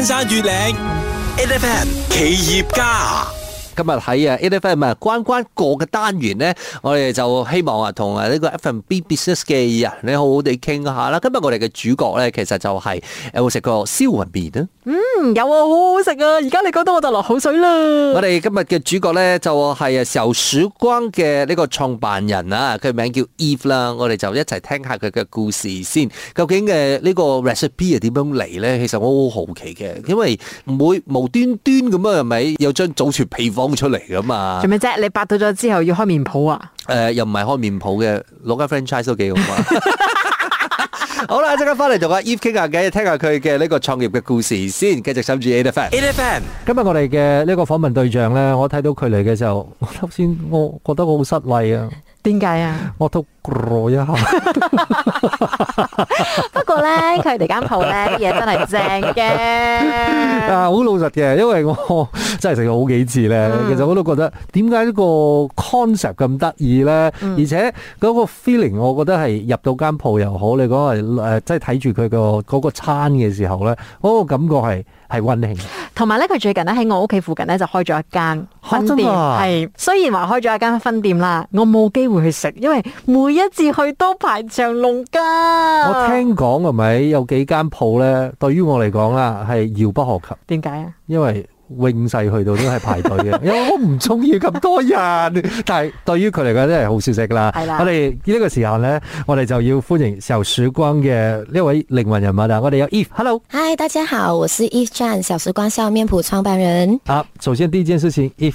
翻山越嶺 FM 企業家。今日喺啊 Elevate 關關過嘅單元咧，我哋就希望啊，同啊呢個 F&B business 嘅人，你好好地傾下啦。今日我哋嘅主角咧，其實就係有冇食過燒雲麵啦？嗯，有啊，好好食啊，而家你覺得我就落口水啦。我哋今日嘅主角咧，就係啊小時光嘅呢個創辦人啊，佢名叫 Eve 啦。我哋就一齊聽下佢嘅故事先，究竟嘅呢個 recipe 係點樣嚟咧？其實我好好奇嘅，因為唔會無端端咁啊，係咪有張祖傳皮出嚟噶嘛？做咩啫？你白到咗之後要開麵鋪啊？誒、呃，又唔係開麵鋪嘅，攞間 franchise 都幾好啊！ 好啦，即刻翻嚟同阿 Eve 傾下偈，聽下佢嘅呢個創業嘅故事先。繼續守住 Ada Fan, Ada Fan 今日我哋嘅呢個訪問對象咧，我睇到佢嚟嘅時候，我頭先我覺得我好失禮啊。點解啊？我都咗一下。 佢哋間鋪咧啲嘢真係正嘅，啊好老實嘅，因為我真係食過好幾次咧。嗯、其實我都覺得點解呢個 concept 咁得意咧，嗯、而且嗰個 feeling，我覺得係入到間鋪又好，你講係、呃、即係睇住佢個嗰個餐嘅時候咧，嗰、嗰個感覺係，係溫馨嘅，同埋咧，佢最近咧喺我屋企附近咧就開咗一間分店，係、啊、雖然話開咗一間分店啦，我冇機會去食，因為每一次去都排長龍噶。我聽講係咪有幾間鋪咧，對於我嚟講啦，係遙不可及。點解啊？因為。永世去到都係排隊嘅，因為、 哎、我唔中意咁多人。 但係對於佢嚟講，真係好少食噶啦。我哋呢個時間咧，我哋就要歡迎小時光嘅呢位靈魂人物啦。我哋有 Eve，Hello，Hi，大家好，我係 Eve，站小時光笑面譜創辦人。好、啊、首先第一件事情，Eve。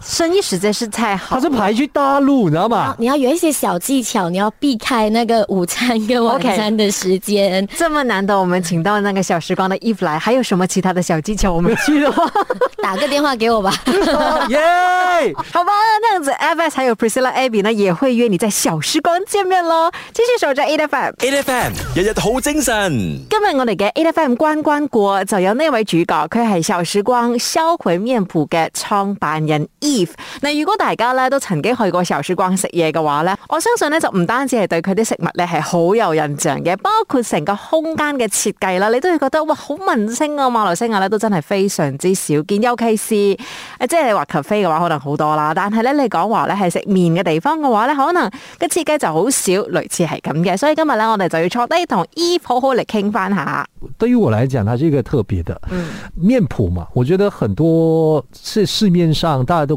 生意實在是太好，他是排去大陸，你知道嗎、啊？你要有一些小技巧，你要避開那個午餐跟晚餐的時間。Okay, 這麼難得，我們請到那個小時光的 Eve 來，還有什麼其他的小技巧？我們去的話， 打個電話給我吧。耶， Yeah! 好吧，那樣子，Eve 還有 Priscilla Abby 呢，也會約你在小時光見面咯。繼續守着 A F M，A F M 日日好精神。今日我哋嘅 A F M 關關過，就由那位主角，佢係小時光銷魂麵譜嘅創辦人。嗱， 如果大家咧都曾經去過小時光食嘢嘅話咧，我相信咧就唔單止係對佢啲食物咧係好有印象嘅，包括成個空間嘅設計啦，你都會覺得哇好文青啊！馬來西亞咧都真係非常之少見，尤其是誒，即係你話，咖啡嘅話可能好多啦，但係咧你講話咧係食麵嘅地方嘅話咧，可能嘅設計就好少類似係咁嘅，所以今日咧我哋就要坐低同 Eve 好好嚟傾翻下。對於我來講，係一個特別的、嗯、麵譜嘛，我覺得很多市市面上大家都。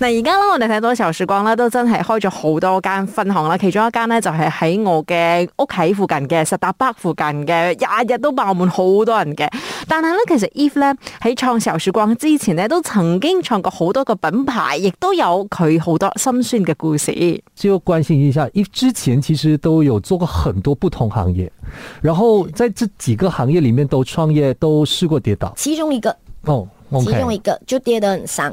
嗱，而家咧，我哋睇到小時光咧，都真係開咗好多間分行啦。其中一間咧，就係喺我嘅屋企附近嘅實達北附近嘅，日日都爆滿好多人嘅。但係咧，其實 Eve 咧喺創小時光之前咧，都曾經創過好多個品牌，亦都有佢好多心酸嘅故事。要關心一下，Eve 之前其實都有做過很多不同行業，然後在這幾個行業裏面都創業，都試過跌倒，其中一個哦，oh, okay. 其中一個就跌得很傷。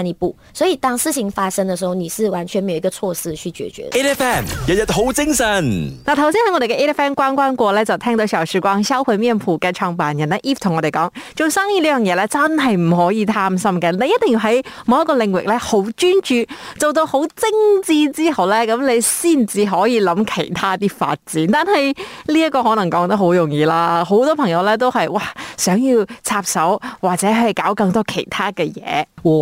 所以當事情發生的時候，你是完全沒有一個措施去解決的。Elephant 日日好精神。嗱，頭先喺我哋嘅 Elephant 關關過咧，就聽到小時光燒燴麵鋪嘅創辦人咧，Eve 同我哋講，做生意呢樣嘢咧，真係唔可以貪心嘅，你一定要喺某一個領域咧，好專注，做到好精致之後咧，咁你先至可以諗其他啲發展。但係呢一個可能講得好容易啦，好多朋友咧都係哇，想要插手或者係搞更多其他嘅嘢。哦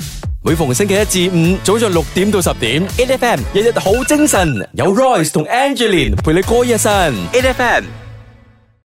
每逢星期一至五，早上六點到十點，A F M 日日好精神，有 Royce 同 Angeline 陪你過一身，A F M。